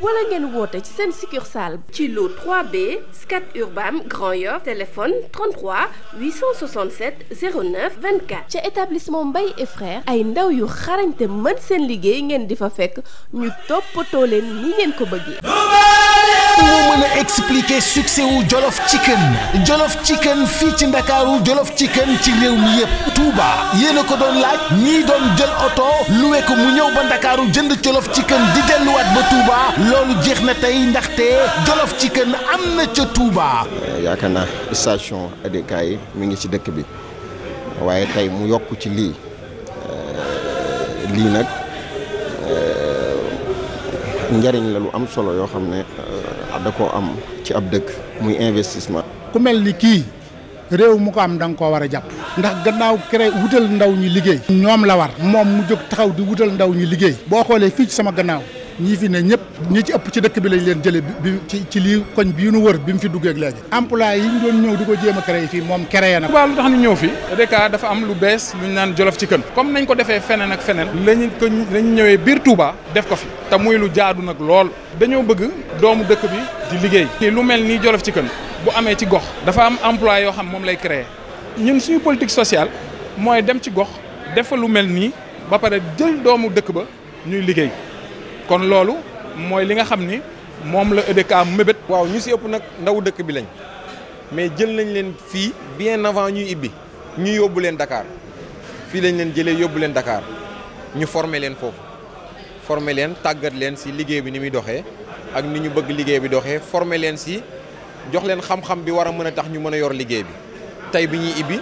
wala ngeen woote ci seen succursale ci lu 3B Scat Urbam Grand Yoff téléphone 33 867 09 24 ca établissement Mbaye et frères ay ndaw yu xarañte mën seen liggéey ngeen di fa fekk ñu toppatoo leen ni ngeen ko bëggee moo mën a expliquer succès wu Jolof Chicken Jolof Chicken fii ci Ndakaaru Jolof Chicken ci réew mi yëpp Touba yéen a ko doon laaj ñii doon jël oto luwe ko mu ñëw ba Ndakaaru ndakaaru jënd jolof chicken di delluwaat ba Touba jeex na tey ndaxte jolof chicken ca Touba. Eh, yaakaar naa station ADK ngi ci dëkk bi waaye tey mu yokk ci lii eh, lii nag eh, njariñ la lu am solo yoo xam ne da koo am ci ab dëkk muy investissement. ku mel ni kii. réew mu ko am da nga koo war a jàpp ndax gannaaw créé wutal ndaw ñi liggéey ñoom la war moom mu jóg taxaw di wutal ndaw ñi liggéey boo xoolee fii ci sama gannaaw ñii fi ne ñëpp ñii ci ëpp ci dëkk bi lañ leen jëlee bi ci ci lii koñ bii nu wër bi mu fi duggee ak léegi emploi yi ñu doon ñëw di ko jéem a créé fii moom kere créé na Touba lu tax ñu ñëw fi Reka dafa am lu bees lu ñu naan jolof ci kën comme nañ ko defee feneen ak feneen lañu ko lañu ñëwee biir Touba ko fi te muy lu jaadu nag lool dañoo bëgg doomu dëkk bi di liggéey lu mel nii jolof ci kën bu amee ci gox dafa am emploi yoo xam moom lay créer ñun suñu politique sociale mooy dem ci gox defa lu mel nii ba pare jël doomu dëkk ba ñuy liggéey kon loolu mooy li nga xam ni moom la EDK mébét. waaw ñu si ëpp nag ndaw dëkk bi lañ mais jël nañ leen fii bien avant ñuy ibbi ñu yóbbu leen Dakar fii lañ leen jëlee yóbbu leen Dakar ñu former leen foofu former leen tàggat leen si liggéey bi ni muy doxee ak ni ñu bëgg liggéey bi doxee former leen si. jox leen xam-xam bi war a mën a tax ñu mën a yor liggéey bi tey bi ñuy ibbi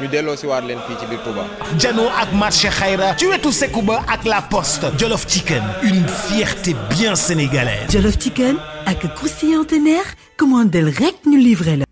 ñu delloo si waat leen fii ci biir Touba. Jano ak marché Xayra ci wetu ba ak la poste Jollof Chicken une fierté bien sénégalaise. Jollof Chicken ak croustillant teneer commandel rek ñu livré la.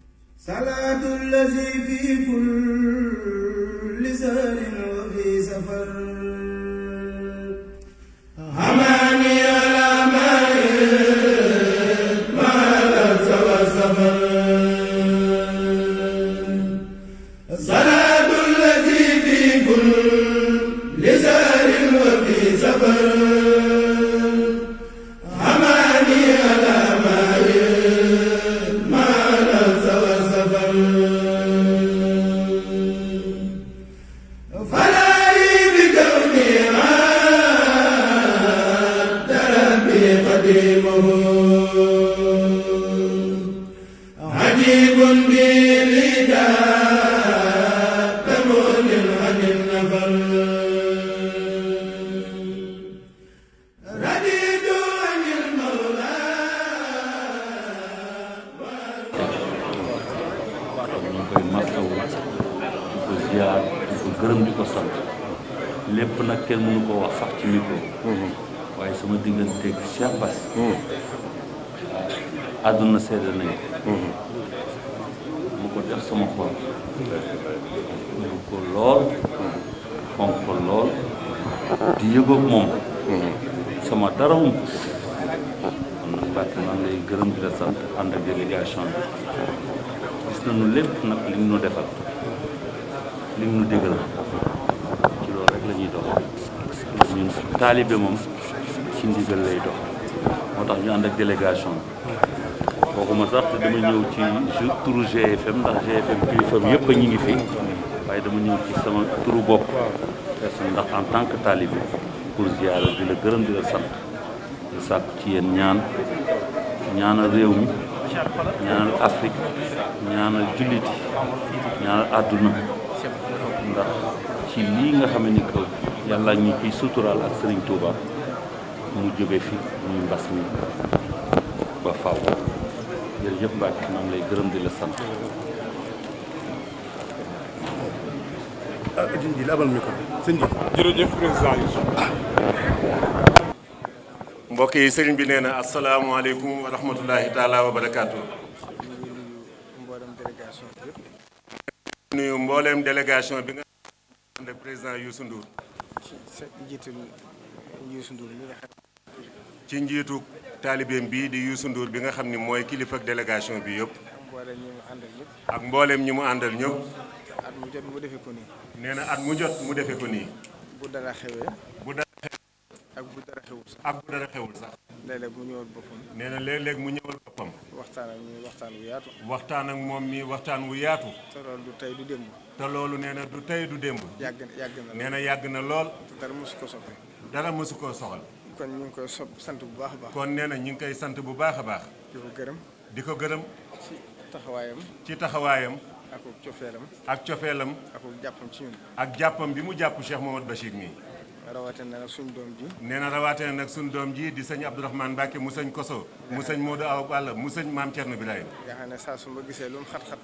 lépp nag kenn mënu ko wax sax ci micro. waaye sama digganteeg Cheikh Bass. àdduna seede nañu ko. lu ko def sama xol ñëw ko lool fonk ko lool di yëg moom sama dara moom kon nag Mbacke maa ngi lay gërëm di la ànd ak délégation bi gis nañu lépp nag li ñu defal li ñu digal ci loolu rek la ñuy dox ñun taalibe moom ci ndigal lay dox moo tax ñu ànd ak délégation bi waxuma sax te dama ñëw ci turu GFM ndax GFM kilifam yëpp a ñu ngi fi waaye dama ñëw ci sama turu bopp personne ndax en tant que talibé pour ziyaara di la gërëm di la sant di sàkk ci yéen ñaan ñaanal réew mi ñaanal Afrique ñaanal julliti ñaanal àdduna ndax ci lii nga xam ni que yàlla ñu ciy suturaal ak Serigne Touba mu jóge fi muy mbas mi ba faaw. jërëjëf gërëm di ah, yi sëriñ bi nee na asalaamaaleykum wa rahmatulahi taala wa barakaatu. nuyu mbooleem délégation bi nga ànd président Youssou Ndour. ci njiitu. taalibeem bii di Youssou Ndour bi nga xam ni mooy kilifa ak délégation bi yëpp. ak mbooleem ñi mu àndal ñëpp. ak mu jot mu defee ko nii. nee na at mu jot mu defee nii. bu dara xewee. bu dara bu dara xewul sax. ak xewul sax. léeg-léeg mu ñëwal boppam. nee na léeg-léeg mu ñëwal boppam. waxtaan ak moom waxtaan waxtaan ak moom mi waxtaan wu yaatu. te loolu du tey du démb. te loolu nee na du tey du démb. yàgg yàgg na lool nee na yàgg na lool. dara mosu ko soxal. dara mosu ko soxal. kon ñu ngi koy sob sant bu baax a baax. kon nee na ñu ngi koy sant bu baax a baax. di ko gërëm. di ko gërëm. ci taxawaayam. ci taxawaayam. ak cofeelam. ak cofeelam. ak jàppam ci ak jàppam bi mu jàpp Cheikh Mamadou Bachir mii. rawatina nag suñu doom ji. nee na rawatina nag suñu doom ji di sëñ Abdourahmane Mbacke mu sëñ Koso. mu sëñ Modou Awa Balla mu sëñ Maam Thierno Birahim. nga xam ne saa su ma gisee lu mu xat-xat.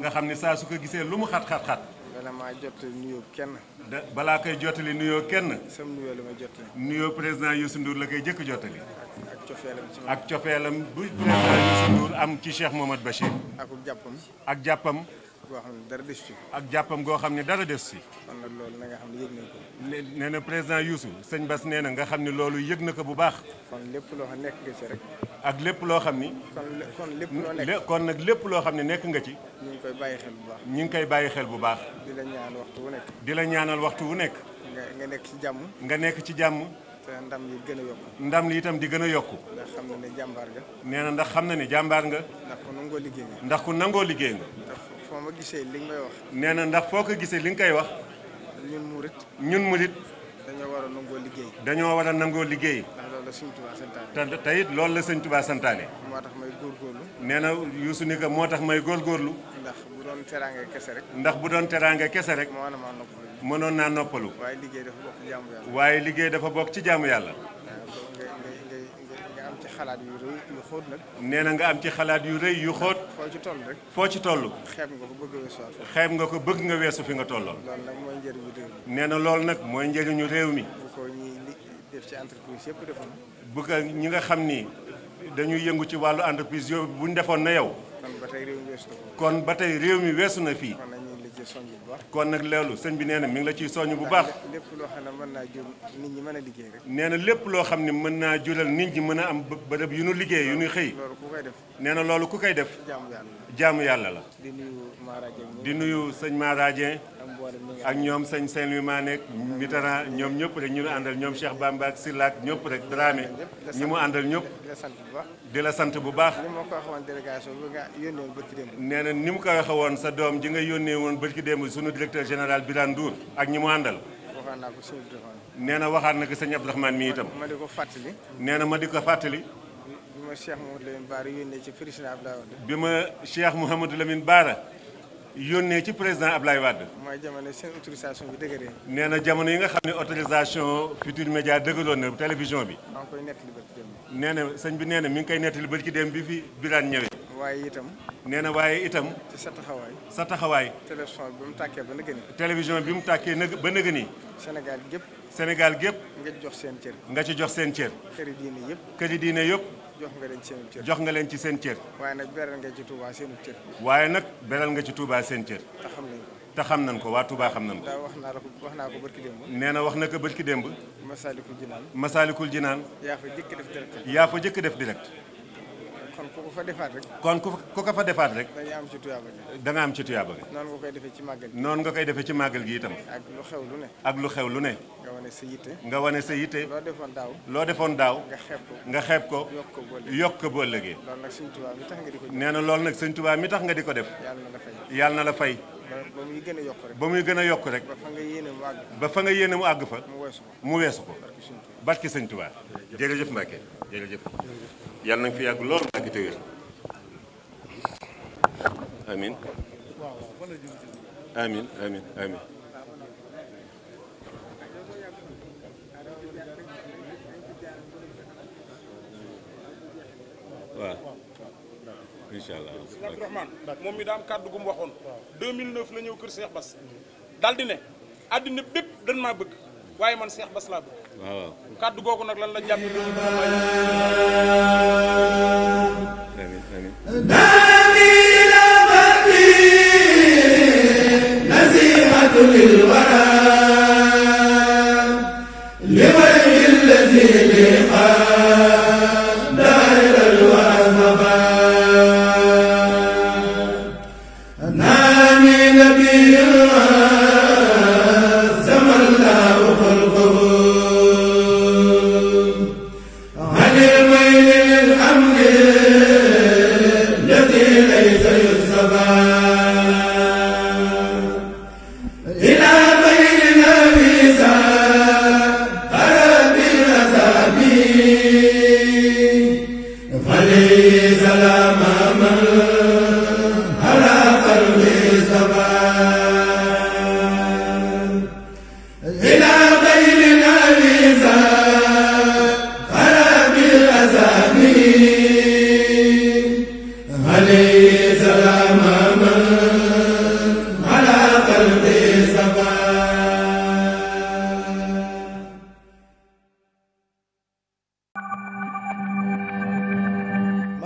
nga xam ne saa su ko gisee lu mu xat-xat-xat. bala maa jottali kenn. da balaa koy jottali nuyoo kenn. sam nuyoo la may nuyoo président Youssou Ndour la koy jëkk jottali. ak cofeelam ak cofeelam bu président Youssou Ndour am ci Cheikh Mohamed Bachir. ak jàppam ak jàppam. goo xam ne dara des ci. ak jàppam goo xam ne dara des ci. kon nag loolu na nga xam ne na président Youssou sëñ Bass nee nga xam ne loolu yëg na ko bu baax. kon lépp loo xam nekk nga ci rek. loo xam ni. kon lépp kon nag lépp loo xam ne nekk nga ci. ñu koy bàyyi xel bu baax. ñu ngi koy bàyyi xel bu baax. di la ñaanal waxtu wu nekk. di la ñaanal waxtu wu nekk. nga nekk ci jàmm. nga nekk ci jàmm. te ndam li gën a yokku. ndam li itam di gën a yokku. ndax xam na ne jàmbaar nga. nee na ndax xam na ne jàmbaar nga. ndax nga. ndax ku nangoo liggéey nga. ma gisee li nga may wax. nee na ndax foo ko gisee li nga koy wax. ñun murit. ñun murit. dañoo war a nangoo liggéey. dañoo war a nangoo liggéey. ndax loolu la sëñ Touba santaane. tey loolu la sëñ Touba santaane. moo tax may góorgóorlu. nee na Youssou ni ko moo tax may góor góorlu ndax bu doon teraanga kese rek. ndax bu doon teraanga kese rek. mënoon naa noppalu. waaye liggéey dafa bokk ci jaamu waaye liggéey dafa bokk ci jaamu yàlla. xalaat yu rëy yu xóot nag. nee na nga am ci xalaat yu rëy yu xóot. foo ci toll rek. foo ci toll. xeeb nga ko bëgg weesu xeeb nga ko bëgg nga weesu fi nga tolloon. loolu mooy njëriñu réew mi. nee na loolu nag mooy njëriñu réew mi. bu ko ñuy def ci entreprise ñi nga xam ni dañuy yëngu ci wàllu entreprise yooyu bu ñu defoon na yow. kon ba tey réew mi weesu na fii. kon nag loolu sëñ bi nee na mi ngi la ciy soññ bu baax. lépp loo xam ne mën naa jur nit ñi mën a liggéey rek. nee na lépp loo xam ne mën naa jural nit ñi mën a am bërëb yu nu liggéey yu nu xëy. loolu ku koy def. nee na loolu ku koy def. jaamu yàlla la yàlla la. di nuyu Mara Dieng. di nuyu sëñ Mara Dieng. ak ñoom sëñ seen louis Mané Mitterrand ñoom ñëpp rek ñu la àndal ñoom Cheikh Bamba ak Sylla ak ñëpp rek Dramé ñi mu àndal ñëpp di la sant bu baax nee na ni mu ko waxe woon sa doom ji nga yónnee woon bërki démb suñu directeur général Birane Ndour ak ñi mu àndal nee na waxaat na ko sëñ Abdourahmane mi itam nee na ma di ko fàttali bi ma Cheikh Mouhamadou Lamine Bara yónnee ci président Abdoulaye ma Cheikh Mouhamadou yónnee ci président Ablaye Wade. mooy jamono seen autorisation bi dëgëree. neena jamono yi nga xam ne autorisation Futurs Médias dëgëroon na télévision bi. maa ngi koy nettali ba ci dem. nee na sëñ bi nee na mi ngi koy nettali ba ci dem bi fi Birane ñëwee. waaye itam. nee na waaye itam. ci sa taxawaay. sa taxawaay. télévision bi mu tàkkee ba nëgëni. télévision bi mu tàkkee nëg ba nëgëni. Sénégal gépp. Sénégal gépp. nga jox seen cër. nga ci jox seen cër. këri diine yëpp. këri diine yëpp. jox nga leen ci seen cër. jox nga leen ci seen cër. waaye nag beral nga ci Touba seen cër. waaye nag beral nga ci Touba seen cër. te xam nañ ko. te xam nañ ko waa Touba xam nañ ko. wax naa la ko wax naa ko barki démb. nee na wax na ko bët ki démb. Masaalikul Jinaan. Masaalikul Jinaan. yaa fa jëkk def direct. yaa fa jëkk def direct. kon ku ko fa defaat rek. kon ku ko fa defaat rek. da nga am ci tuyaaba gi. am ci tuyaaba gi. noonu nga koy defee ci màggal gi. noonu nga koy defee ci màggal gi itam. ak xew lu ne. ak lu xew lu ne. nga wane sa yitte. nga wane sa yitte. loo defoon daaw. loo defoon daaw. nga xeeb ko nga xeeb ko. yokk ko boo ëllëgee yokk boo ëllëgee. loolu nag sëñ Tuubaa mi tax nga ko. nee na loolu nag sëñ Tuubaa mi tax nga di ko def. yàlla na la fay yàlla na la fay. ba muy gën a yokk rek. ba muy gën a yokk rek. ba fa nga yéene mu àgg. fa nga yéene mu fa. mu weesu ko mu weesu ko. barki sëñ Tuubaa jërëjëf Mbàkke jërëjëf yàlla na nga fi yàgg lool moom mi daam kàddu gu waxoon 2009 la ñëw kër Cheikh Bass daal di ne àddina bépp dañ bëgg waaye man Cheikh Bass laa bëgg waaw kàddu googu nag lan la jàpp